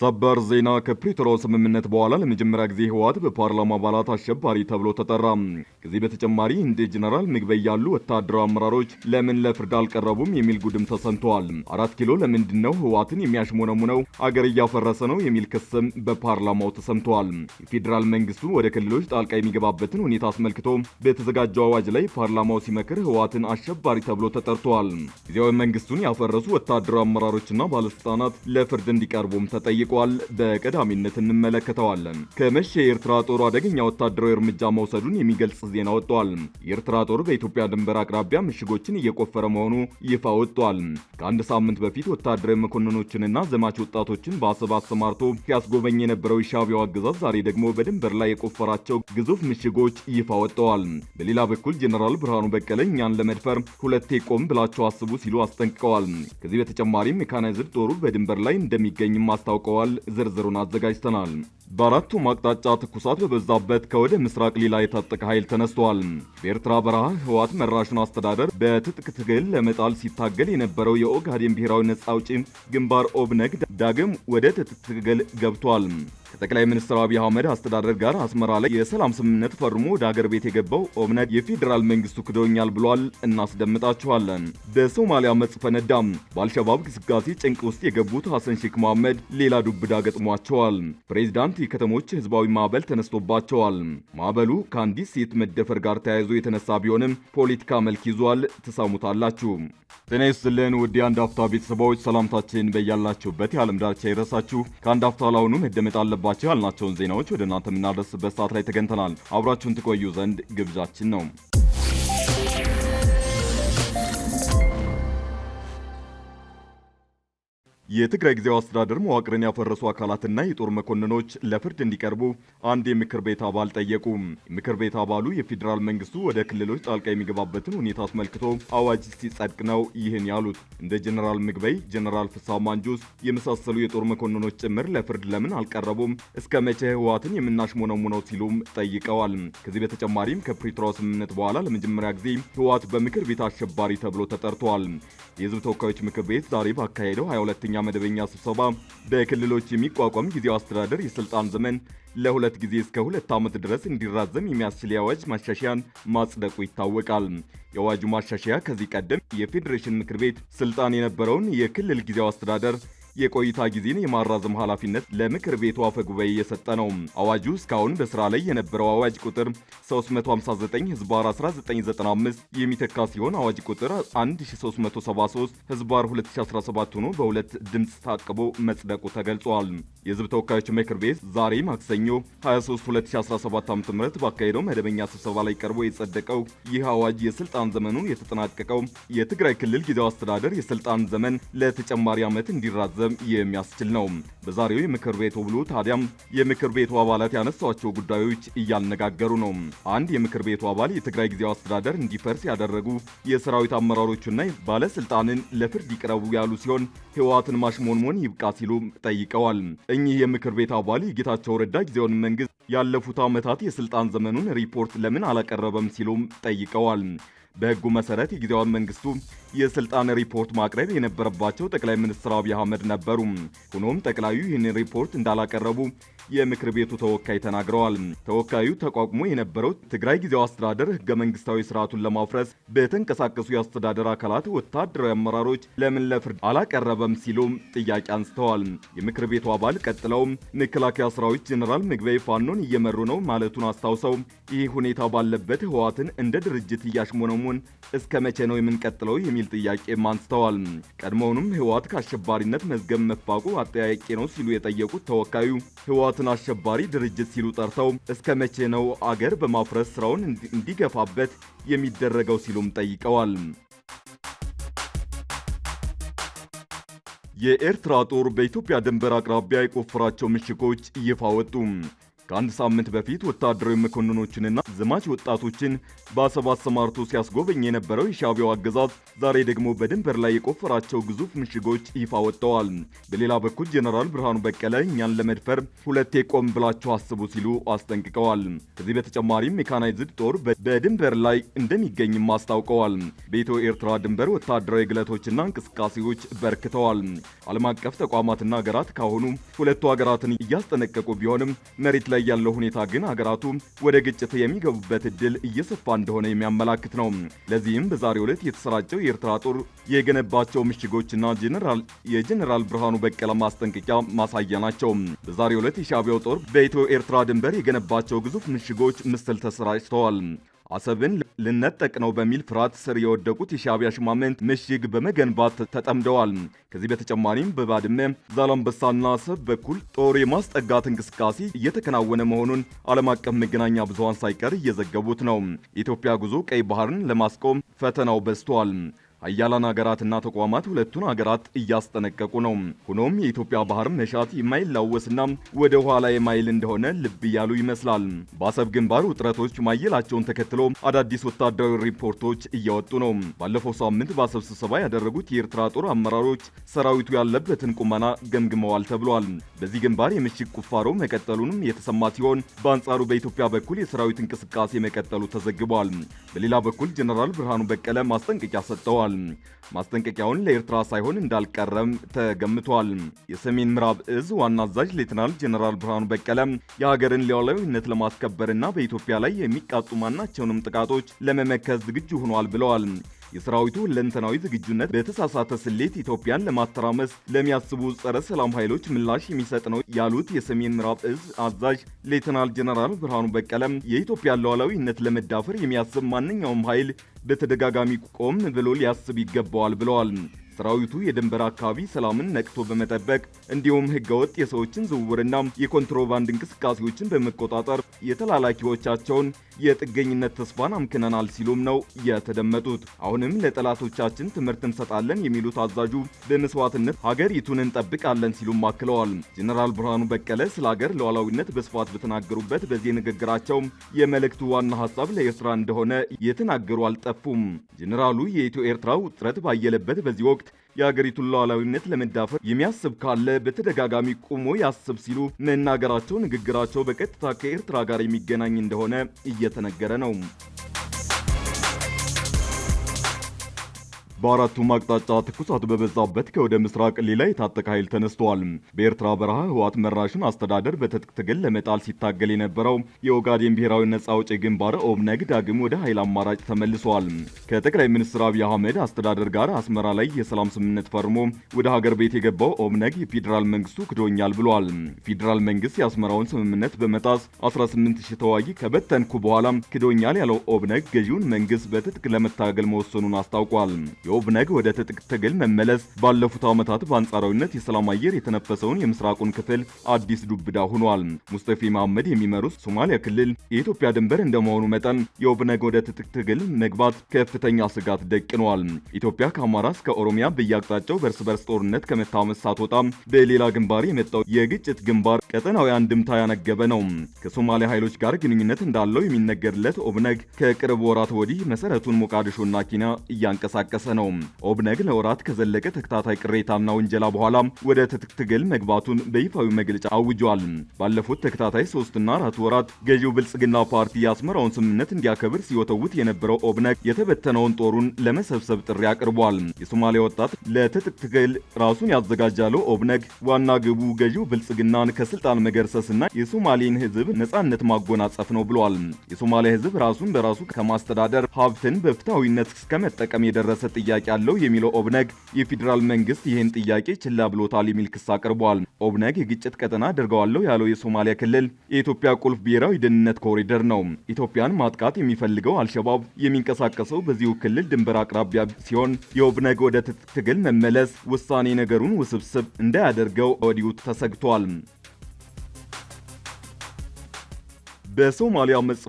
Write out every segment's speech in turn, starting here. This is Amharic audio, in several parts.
ሰበር ዜና ከፕሪቶሪያው ስምምነት በኋላ ለመጀመሪያ ጊዜ ህወሓት በፓርላማ አባላት አሸባሪ ተብሎ ተጠራ። ከዚህ በተጨማሪ እንደ ጀነራል ምግበይ ያሉ ወታደራዊ አመራሮች ለምን ለፍርድ አልቀረቡም የሚል ጉድም ተሰምተዋል። አራት ኪሎ ለምንድን ነው ህወሓትን የሚያሽሞነሙነው አገር እያፈረሰ ነው የሚል ክስም በፓርላማው ተሰምተዋል። የፌዴራል መንግስቱ ወደ ክልሎች ጣልቃ የሚገባበትን ሁኔታ አስመልክቶ በተዘጋጀው አዋጅ ላይ ፓርላማው ሲመክር ህወሓትን አሸባሪ ተብሎ ተጠርተዋል። ጊዜያዊ መንግስቱን ያፈረሱ ወታደራዊ አመራሮችና ባለስልጣናት ለፍርድ እንዲቀርቡም ተጠይቋል። ተጠይቋል። በቀዳሚነት እንመለከተዋለን። ከመሸ የኤርትራ ጦር አደገኛ ወታደራዊ እርምጃ መውሰዱን የሚገልጽ ዜና ወጥቷል። የኤርትራ ጦር በኢትዮጵያ ድንበር አቅራቢያ ምሽጎችን እየቆፈረ መሆኑ ይፋ ወጥቷል። ከአንድ ሳምንት በፊት ወታደራዊ መኮንኖችንና ዘማች ወጣቶችን በአሰብ አሰማርቶ ሲያስጎበኝ የነበረው የሻቢያው አገዛዝ ዛሬ ደግሞ በድንበር ላይ የቆፈራቸው ግዙፍ ምሽጎች ይፋ ወጥተዋል። በሌላ በኩል ጀኔራል ብርሃኑ በቀለ እኛን ለመድፈር ሁለቴ ቆም ብላቸው አስቡ ሲሉ አስጠንቅቀዋል። ከዚህ በተጨማሪም ሜካናይዝድ ጦሩ በድንበር ላይ እንደሚገኝም አስታውቀዋል። ተደርገዋል። ዝርዝሩን አዘጋጅተናል። በአራቱም አቅጣጫ ትኩሳት በበዛበት ከወደ ምስራቅ ሌላ የታጠቀ ኃይል ተነስቷል። በኤርትራ በረሃ ህወሓት መራሹን አስተዳደር በትጥቅ ትግል ለመጣል ሲታገል የነበረው የኦጋዴን ብሔራዊ ነጻ አውጪ ግንባር ኦብነግ ዳግም ወደ ትግል ገብቷል። ከጠቅላይ ሚኒስትር አብይ አህመድ አስተዳደር ጋር አስመራ ላይ የሰላም ስምምነት ፈርሞ ወደ አገር ቤት የገባው ኦብነግ የፌዴራል መንግስቱ ክዶኛል ብሏል። እናስደምጣችኋለን። በሶማሊያ አመጽ ፈነዳ። በአልሸባብ ግስጋሴ ጭንቅ ውስጥ የገቡት ሐሰን ሼክ መሐመድ ሌላ ዱብዳ ገጥሟቸዋል። ፕሬዚዳንት የከተሞች ህዝባዊ ማዕበል ተነስቶባቸዋል። ማዕበሉ ከአንዲት ሴት መደፈር ጋር ተያይዞ የተነሳ ቢሆንም ፖለቲካ መልክ ይዟል። ትሳሙታላችሁ። ጤና ይስጥልን ውድ የአንድ አፍታ ቤተሰቦች ሰላምታችን በያላችሁበት ያለ የዓለም ዳርቻ ይድረሳችሁ። ከአንድ አፍታ ላሁኑ መደመጥ አለባቸው ያልናቸውን ዜናዎች ወደ እናንተ የምናደርስበት ሰዓት ላይ ተገኝተናል። አብራችሁን ትቆዩ ዘንድ ግብዣችን ነው። የትግራይ ጊዜያዊ አስተዳደር መዋቅርን ያፈረሱ አካላትና የጦር መኮንኖች ለፍርድ እንዲቀርቡ አንድ የምክር ቤት አባል ጠየቁ። የምክር ቤት አባሉ የፌዴራል መንግስቱ ወደ ክልሎች ጣልቃ የሚገባበትን ሁኔታ አስመልክቶ አዋጅ ሲጸድቅ ነው ይህን ያሉት። እንደ ጀኔራል ምግበይ፣ ጀኔራል ፍሳ ማንጁስ የመሳሰሉ የጦር መኮንኖች ጭምር ለፍርድ ለምን አልቀረቡም? እስከ መቼ ህወሓትን የምናሽሞነሙነው ሲሉም ጠይቀዋል። ከዚህ በተጨማሪም ከፕሪቶሪያው ስምምነት በኋላ ለመጀመሪያ ጊዜ ህወሓት በምክር ቤት አሸባሪ ተብሎ ተጠርቷል። የህዝብ ተወካዮች ምክር ቤት ዛሬ ባካሄደው 22ኛ አራተኛ መደበኛ ስብሰባ በክልሎች የሚቋቋም ጊዜያዊ አስተዳደር የስልጣን ዘመን ለሁለት ጊዜ እስከ ሁለት ዓመት ድረስ እንዲራዘም የሚያስችል የአዋጅ ማሻሻያን ማጽደቁ ይታወቃል። የአዋጁ ማሻሻያ ከዚህ ቀደም የፌዴሬሽን ምክር ቤት ስልጣን የነበረውን የክልል ጊዜያዊ አስተዳደር የቆይታ ጊዜን የማራዘም ኃላፊነት ለምክር ቤቱ አፈ ጉባኤ እየሰጠ ነው። አዋጁ እስካሁን በስራ ላይ የነበረው አዋጅ ቁጥር 359 ህዝባር 1995 የሚተካ ሲሆን አዋጅ ቁጥር 1373 ህዝባር 2017 ሆኖ በሁለት ድምፅ ታቅቦ መጽደቁ ተገልጿል። የህዝብ ተወካዮች ምክር ቤት ዛሬ ማክሰኞ 23 2017 ዓ.ም ባካሄደው መደበኛ ስብሰባ ላይ ቀርቦ የጸደቀው ይህ አዋጅ የስልጣን ዘመኑ የተጠናቀቀው የትግራይ ክልል ጊዜያዊ አስተዳደር የስልጣን ዘመን ለተጨማሪ ዓመት እንዲራዘም ለመገንዘብ የሚያስችል ነው። በዛሬው የምክር ቤት ውሎ ታዲያም የምክር ቤቱ አባላት ያነሷቸው ጉዳዮች እያነጋገሩ ነው። አንድ የምክር ቤቱ አባል የትግራይ ጊዜያዊ አስተዳደር እንዲፈርስ ያደረጉ የሰራዊት አመራሮችና ባለስልጣንን ለፍርድ ይቅረቡ ያሉ ሲሆን ህወሓትን ማሽሞንሞን ይብቃ ሲሉ ጠይቀዋል። እኚህ የምክር ቤት አባል የጌታቸው ረዳ ጊዜውን መንግስት ያለፉት ዓመታት የስልጣን ዘመኑን ሪፖርት ለምን አላቀረበም ሲሉም ጠይቀዋል። በህጉ መሰረት የጊዜዋን መንግስቱ የስልጣን ሪፖርት ማቅረብ የነበረባቸው ጠቅላይ ሚኒስትር አብይ አህመድ ነበሩ። ሆኖም ጠቅላዩ ይህንን ሪፖርት እንዳላቀረቡ የምክር ቤቱ ተወካይ ተናግረዋል። ተወካዩ ተቋቁሞ የነበረው ትግራይ ጊዜው አስተዳደር ህገ መንግስታዊ ስርዓቱን ለማፍረስ በተንቀሳቀሱ የአስተዳደር አካላት ወታደራዊ አመራሮች ለምን ለፍርድ አላቀረበም ሲሉም ጥያቄ አንስተዋል። የምክር ቤቱ አባል ቀጥለውም መከላከያ ሰራዊት ጀኔራል ምግበይ ፋኖን እየመሩ ነው ማለቱን አስታውሰው ይህ ሁኔታ ባለበት ህወሓትን እንደ ድርጅት እያሽሞነሙን እስከ መቼ ነው የምንቀጥለው? የሚል ጥያቄም አንስተዋል። ቀድሞውንም ህወሓት ከአሸባሪነት መዝገብ መፋቁ አጠያቂ ነው ሲሉ የጠየቁት ተወካዩ ህወሓትን አሸባሪ ድርጅት ሲሉ ጠርተው እስከ መቼ ነው አገር በማፍረስ ስራውን እንዲገፋበት የሚደረገው ሲሉም ጠይቀዋል። የኤርትራ ጦር በኢትዮጵያ ድንበር አቅራቢያ የቆፈራቸው ምሽጎች ይፋ ወጡ። ከአንድ ሳምንት በፊት ወታደራዊ መኮንኖችንና ዘማች ወጣቶችን በአሰብ አሰማርቶ ሲያስጎበኝ የነበረው የሻቢያው አገዛዝ ዛሬ ደግሞ በድንበር ላይ የቆፈራቸው ግዙፍ ምሽጎች ይፋ ወጥተዋል። በሌላ በኩል ጀነራል ብርሃኑ በቀለ እኛን ለመድፈር ሁለቴ ቆም ብላችሁ አስቡ ሲሉ አስጠንቅቀዋል። ከዚህ በተጨማሪም ሜካናይዝድ ጦር በድንበር ላይ እንደሚገኝም አስታውቀዋል። በኢትዮ ኤርትራ ድንበር ወታደራዊ ግለቶችና እንቅስቃሴዎች በርክተዋል። ዓለም አቀፍ ተቋማትና ሀገራት ካሁኑ ሁለቱ ሀገራትን እያስጠነቀቁ ቢሆንም መሬት ላይ ላይ ያለው ሁኔታ ግን ሀገራቱ ወደ ግጭት የሚገቡበት እድል እየሰፋ እንደሆነ የሚያመላክት ነው። ለዚህም በዛሬው ዕለት የተሰራጨው የኤርትራ ጦር የገነባቸው ምሽጎችና የጀኔራል ብርሃኑ በቀለ ማስጠንቀቂያ ማሳያ ናቸው። በዛሬው ዕለት የሻቢያው ጦር በኢትዮ ኤርትራ ድንበር የገነባቸው ግዙፍ ምሽጎች ምስል ተሰራጭተዋል። አሰብን ልነጠቅ ነው በሚል ፍርሃት ስር የወደቁት የሻቢያ ሽማምንት ምሽግ በመገንባት ተጠምደዋል። ከዚህ በተጨማሪም በባድመ ዛላምበሳና አሰብ በኩል ጦር የማስጠጋት እንቅስቃሴ እየተከናወነ መሆኑን ዓለም አቀፍ መገናኛ ብዙሃን ሳይቀር እየዘገቡት ነው። የኢትዮጵያ ጉዞ ቀይ ባህርን ለማስቆም ፈተናው በዝቷል። ሀያላን ሀገራትና ተቋማት ሁለቱን ሀገራት እያስጠነቀቁ ነው። ሆኖም የኢትዮጵያ ባህር መሻት የማይላወስና ወደ ኋላ የማይል እንደሆነ ልብ እያሉ ይመስላል። በአሰብ ግንባር ውጥረቶች ማየላቸውን ተከትሎ አዳዲስ ወታደራዊ ሪፖርቶች እያወጡ ነው። ባለፈው ሳምንት በአሰብ ስብሰባ ያደረጉት የኤርትራ ጦር አመራሮች ሰራዊቱ ያለበትን ቁመና ገምግመዋል ተብሏል። በዚህ ግንባር የምሽግ ቁፋሮ መቀጠሉንም የተሰማ ሲሆን፣ በአንጻሩ በኢትዮጵያ በኩል የሰራዊት እንቅስቃሴ መቀጠሉ ተዘግቧል። በሌላ በኩል ጀነራል ብርሃኑ በቀለ ማስጠንቀቂያ ሰጥተዋል። ተሰምቷል። ማስጠንቀቂያውን ለኤርትራ ሳይሆን እንዳልቀረም ተገምቷል። የሰሜን ምዕራብ እዝ ዋና አዛዥ ሌትናል ጀነራል ብርሃኑ በቀለ የሀገርን ሉዓላዊነት ለማስከበርና በኢትዮጵያ ላይ የሚቃጡ ማናቸውንም ጥቃቶች ለመመከት ዝግጁ ሆኗል ብለዋል። የሰራዊቱ ሁለንተናዊ ዝግጁነት በተሳሳተ ስሌት ኢትዮጵያን ለማተራመስ ለሚያስቡ ጸረ ሰላም ኃይሎች ምላሽ የሚሰጥ ነው ያሉት የሰሜን ምዕራብ እዝ አዛዥ ሌተናል ጀነራል ብርሃኑ በቀለም የኢትዮጵያን ሉዓላዊነት ለመዳፈር የሚያስብ ማንኛውም ኃይል በተደጋጋሚ ቆም ብሎ ሊያስብ ይገባዋል ብለዋል። ሰራዊቱ የድንበር አካባቢ ሰላምን ነቅቶ በመጠበቅ እንዲሁም ህገወጥ የሰዎችን ዝውውርና የኮንትሮባንድ እንቅስቃሴዎችን በመቆጣጠር የተላላኪዎቻቸውን የጥገኝነት ተስፋን አምክነናል ሲሉም ነው የተደመጡት። አሁንም ለጠላቶቻችን ትምህርት እንሰጣለን የሚሉት አዛዡ በመስዋዕትነት ሀገሪቱን እንጠብቃለን ሲሉም አክለዋል። ጀኔራል ብርሃኑ በቀለ ስለ ሀገር ሉዓላዊነት በስፋት በተናገሩበት በዚህ ንግግራቸው የመልእክቱ ዋና ሀሳብ ለኤርትራ እንደሆነ የተናገሩ አልጠፉም። ጀኔራሉ የኢትዮ ኤርትራ ውጥረት ባየለበት በዚህ ወቅት የአገሪቱን ሉዓላዊነት ለመዳፈር የሚያስብ ካለ በተደጋጋሚ ቁሞ ያስብ ሲሉ መናገራቸው ንግግራቸው በቀጥታ ከኤርትራ ጋር የሚገናኝ እንደሆነ እየተነገረ ነው። በአራቱም አቅጣጫ ትኩሳት በበዛበት ከወደ ምስራቅ ሌላ የታጠቀ ኃይል ተነስቷል። በኤርትራ በረሃ ህወሓት መራሹን አስተዳደር በትጥቅ ትግል ለመጣል ሲታገል የነበረው የኦጋዴን ብሔራዊ ነጻ አውጪ ግንባር ኦብነግ ዳግም ወደ ኃይል አማራጭ ተመልሷል። ከጠቅላይ ሚኒስትር አብይ አህመድ አስተዳደር ጋር አስመራ ላይ የሰላም ስምምነት ፈርሞ ወደ ሀገር ቤት የገባው ኦብነግ የፌዴራል መንግስቱ ክዶኛል ብሏል። ፌዴራል መንግስት የአስመራውን ስምምነት በመጣስ 18 ሺህ ተዋጊ ከበተንኩ በኋላ ክዶኛል ያለው ኦብነግ ገዢውን መንግስት በትጥቅ ለመታገል መወሰኑን አስታውቋል። የኦብነግ ወደ ትጥቅ ትግል መመለስ ባለፉት ዓመታት በአንጻራዊነት የሰላም አየር የተነፈሰውን የምስራቁን ክፍል አዲስ ዱብዳ ሆኗል። ሙስጠፊ መሐመድ የሚመሩት ሶማሊያ ክልል የኢትዮጵያ ድንበር እንደመሆኑ መጠን የኦብነግ ወደ ትጥቅ ትግል መግባት ከፍተኛ ስጋት ደቅኗል። ኢትዮጵያ ከአማራ እስከ ኦሮሚያ በየአቅጣጫው በርስ በርስ ጦርነት ከመታመስ ሳትወጣ በሌላ ግንባር የመጣው የግጭት ግንባር ቀጠናዊ አንድምታ ያነገበ ነው። ከሶማሊያ ኃይሎች ጋር ግንኙነት እንዳለው የሚነገርለት ኦብነግ ከቅርብ ወራት ወዲህ መሰረቱን ሞቃዲሾና ኬንያ እያንቀሳቀሰ ነው። ነው። ኦብነግ ለወራት ከዘለቀ ተከታታይ ቅሬታና ውንጀላ በኋላ ወደ ትጥቅ ትግል መግባቱን በይፋዊ መግለጫ አውጇል። ባለፉት ተከታታይ ሶስትና አራት ወራት ገዢው ብልጽግና ፓርቲ የአስመራውን ስምምነት እንዲያከብር ሲወተውት የነበረው ኦብነግ የተበተነውን ጦሩን ለመሰብሰብ ጥሪ አቅርቧል። የሶማሌ ወጣት ለትጥቅ ትግል ራሱን ያዘጋጃለው ኦብነግ ዋና ግቡ ገዢው ብልጽግናን ከስልጣን መገርሰስና የሶማሌን ህዝብ ነጻነት ማጎናጸፍ ነው ብሏል። የሶማሌ ሕዝብ ራሱን በራሱ ከማስተዳደር ሀብትን በፍትሐዊነት እስከመጠቀም የደረሰ ጥያቄ ጥያቄ አለው የሚለው ኦብነግ የፌዴራል መንግስት ይህን ጥያቄ ችላ ብሎታል የሚል ክስ አቅርቧል። ኦብነግ የግጭት ቀጠና አድርገዋለሁ ያለው የሶማሊያ ክልል የኢትዮጵያ ቁልፍ ብሔራዊ ደህንነት ኮሪደር ነው። ኢትዮጵያን ማጥቃት የሚፈልገው አልሸባብ የሚንቀሳቀሰው በዚሁ ክልል ድንበር አቅራቢያ ሲሆን የኦብነግ ወደ ትጥቅ ትግል መመለስ ውሳኔ ነገሩን ውስብስብ እንዳያደርገው ወዲሁ ተሰግቷል። በሶማሊያ አመጽ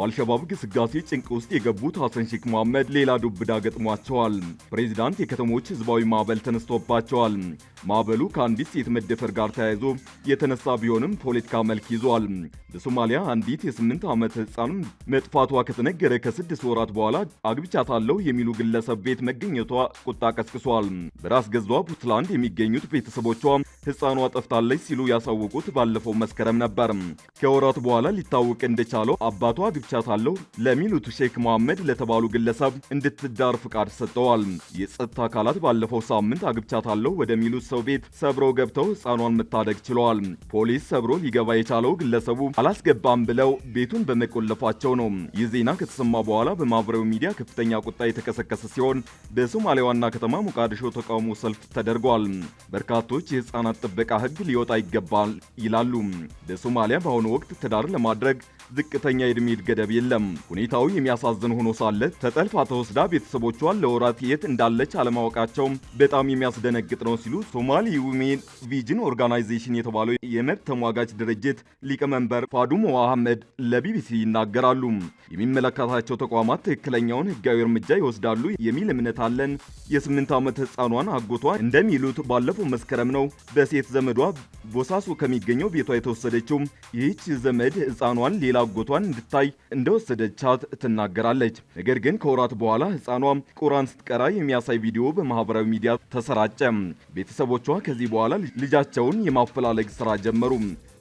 በአልሸባብ ግስጋሴ ጭንቅ ውስጥ የገቡት ሐሰን ሼክ መሐመድ ሌላ ዱብዳ ገጥሟቸዋል። ፕሬዚዳንት የከተሞች ህዝባዊ ማዕበል ተነስቶባቸዋል። ማዕበሉ ከአንዲት ሴት መደፈር ጋር ተያይዞ የተነሳ ቢሆንም ፖለቲካ መልክ ይዟል። በሶማሊያ አንዲት የስምንት ዓመት ህፃን መጥፋቷ ከተነገረ ከስድስት ወራት በኋላ አግብቻታለሁ የሚሉ ግለሰብ ቤት መገኘቷ ቁጣ ቀስቅሷል። በራስ ገዟ ፑንትላንድ የሚገኙት ቤተሰቦቿ ህፃኗ ጠፍታለች ሲሉ ያሳወቁት ባለፈው መስከረም ነበር። ከወራት በኋላ ሊታወቅ እንደቻለው አባቷ አግብቻታለሁ ለሚሉት ሼክ መሐመድ ለተባሉ ግለሰብ እንድትዳር ፍቃድ ሰጥተዋል። የጸጥታ አካላት ባለፈው ሳምንት አግብቻታለሁ ወደሚሉት ሰው ቤት ሰብረው ገብተው ሕፃኗን መታደግ ችለዋል። ፖሊስ ሰብሮ ሊገባ የቻለው ግለሰቡ አላስገባም ብለው ቤቱን በመቆለፋቸው ነው። ይህ ዜና ከተሰማ በኋላ በማህበራዊ ሚዲያ ከፍተኛ ቁጣ የተቀሰቀሰ ሲሆን በሶማሌ ዋና ከተማ ሞቃዲሾ ተቃውሞ ሰልፍ ተደርጓል። በርካቶች የሕፃናት ጥበቃ ሕግ ሊወጣ ይገባል ይላሉ። በሶማሊያ በአሁኑ ወቅት ትዳር ለማድረግ ዝቅተኛ የዕድሜ ገደብ የለም። ሁኔታው የሚያሳዝን ሆኖ ሳለ ተጠልፋ ተወስዳ ቤተሰቦቿን ለወራት የት እንዳለች አለማወቃቸው በጣም የሚያስደነግጥ ነው ሲሉ ሶማሊ ዊሜን ቪዥን ኦርጋናይዜሽን የተባለው የመብት ተሟጋች ድርጅት ሊቀመንበር ፋዱሞ አህመድ ለቢቢሲ ይናገራሉ። የሚመለከታቸው ተቋማት ትክክለኛውን ህጋዊ እርምጃ ይወስዳሉ የሚል እምነት አለን። የስምንት ዓመት ህፃኗን አጎቷ እንደሚሉት ባለፈው መስከረም ነው በሴት ዘመዷ ቦሳሶ ከሚገኘው ቤቷ የተወሰደችው። ይህች ዘመድ ህፃኗን ሌላ ጎቷን እንድታይ እንደወሰደቻት ትናገራለች። ነገር ግን ከወራት በኋላ ህፃኗ ቁራን ስትቀራ የሚያሳይ ቪዲዮ በማህበራዊ ሚዲያ ተሰራጨ። ቤተሰቦቿ ከዚህ በኋላ ልጃቸውን የማፈላለግ ስራ ጀመሩ።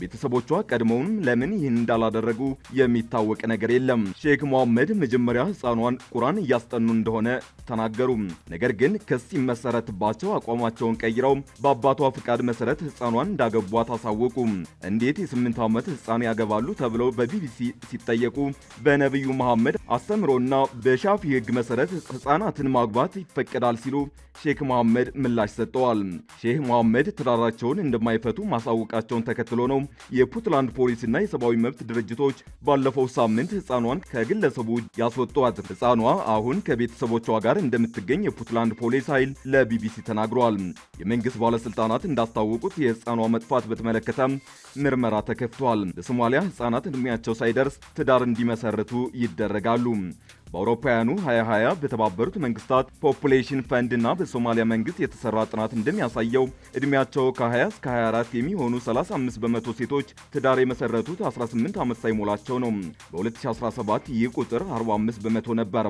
ቤተሰቦቿ ቀድሞውን ለምን ይህን እንዳላደረጉ የሚታወቅ ነገር የለም። ሼክ መሐመድ መጀመሪያ ህፃኗን ቁራን እያስጠኑ እንደሆነ ተናገሩ። ነገር ግን ክስ ይመሰረትባቸው አቋማቸውን ቀይረው በአባቷ ፍቃድ መሰረት ህፃኗን እንዳገቧት አሳወቁ። እንዴት የስምንት ዓመት ህፃን ያገባሉ ተብለው በቢቢሲ ሲጠየቁ በነቢዩ መሐመድ አስተምሮና በሻፊ ህግ መሰረት ህፃናትን ማግባት ይፈቀዳል ሲሉ ሼክ መሐመድ ምላሽ ሰጥተዋል። ሼህ መሐመድ ትዳራቸውን እንደማይፈቱ ማሳወቃቸውን ተከትሎ ነው የፑትላንድ ፖሊስና የሰብአዊ መብት ድርጅቶች ባለፈው ሳምንት ህፃኗን ከግለሰቡ ያስወጧት። ህፃኗ አሁን ከቤተሰቦቿ ጋር እንደምትገኝ የፑትላንድ ፖሊስ ኃይል ለቢቢሲ ተናግሯል። የመንግስት ባለስልጣናት እንዳስታወቁት የህፃኗ መጥፋት በተመለከተ ምርመራ ተከፍቷል። በሶማሊያ ህፃናት እድሜያቸው ሳይደርስ ትዳር እንዲመሰርቱ ይደረጋሉ። በአውሮፓውያኑ 2020 በተባበሩት መንግስታት ፖፑሌሽን ፈንድ እና በሶማሊያ መንግስት የተሰራ ጥናት እንደሚያሳየው እድሜያቸው ከ20 እስከ 24 የሚሆኑ 35 በመቶ ሴቶች ትዳር የመሰረቱት 18 ዓመት ሳይሞላቸው ነው። በ2017 ይህ ቁጥር 45 በመቶ ነበር።